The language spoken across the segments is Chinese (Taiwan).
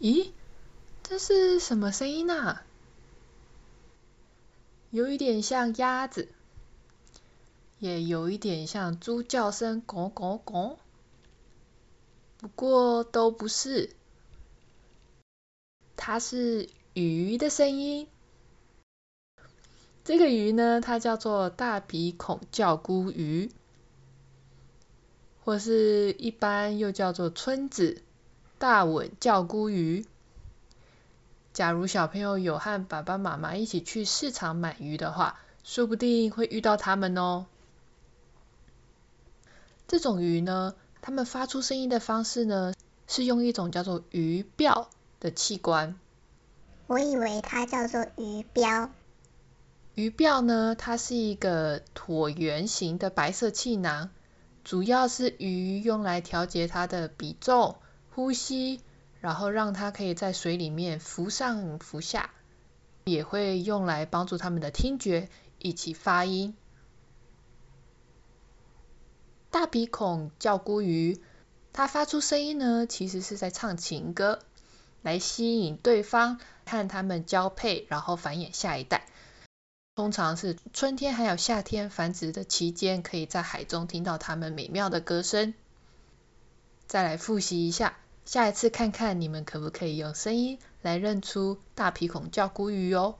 咦，這是什麼聲音啊？有一點像鴨子，也有一點像豬叫聲，嗊嗊嗊。不過都不是，它是魚的聲音。這個魚呢，它叫做大鼻孔叫姑魚，或是一般又叫做春子。大吻叫姑魚。假如小朋友有和爸爸媽媽一起去市場買魚的話，說不定會遇到他們哦。這種魚呢，他們發出聲音的方式呢，是用一種叫做魚鰾的器官。我以為它叫做魚鰾。魚鰾呢，它是一個橢圓形的白色氣囊，主要是魚用來調節它的比重，呼吸，然後讓它可以在水裡面浮上浮下，也會用來幫助它們的聽覺以及發音。大鼻孔叫姑魚，它發出聲音呢，其實是在唱情歌，來吸引對方，看它們交配，然後繁衍下一代。通常是春天還有夏天繁殖的期間，可以在海中聽到它們美妙的歌聲。再來複習一下。下一次看看你們可不可以用聲音來認出大鼻孔叫姑魚哦。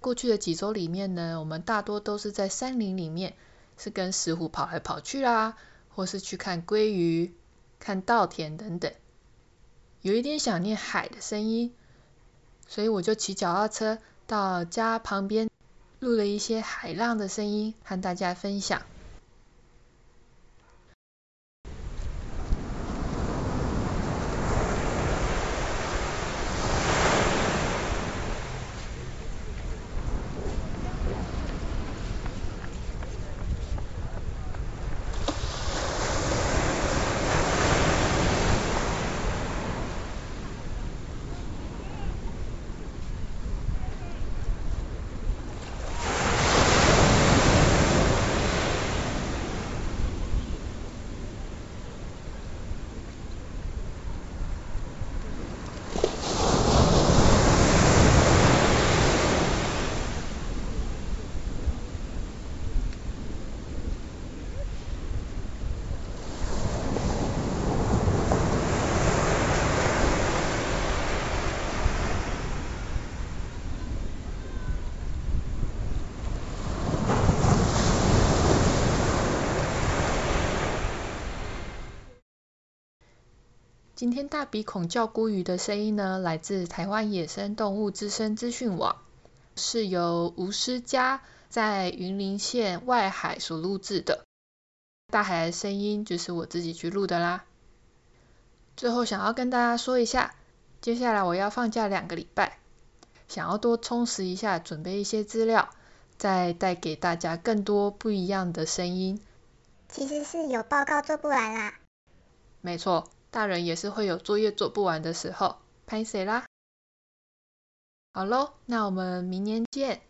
過去的幾周裡面呢，我們大多都是在山林裡面。是跟石虎跑來跑去啦，或是去看鮭魚、看稻田等等，有一點想念海的聲音，所以我就騎腳踏車到家旁邊錄了一些海浪的聲音，和大家分享。今天大鼻孔叫姑魚的聲音呢，來自台灣野生動物之聲資訊網，是由吳詩佳在雲林縣外海所錄制的。大海的聲音就是我自己去錄的啦。最後想要跟大家說一下，接下來我要放假兩個禮拜，想要多充實一下，準備一些資料，再帶給大家更多不一樣的聲音。其實是有報告做不完啦、啊。沒錯。大人也是會有作業做不完的時候，歹勢啦。好嘍，那我們明年見。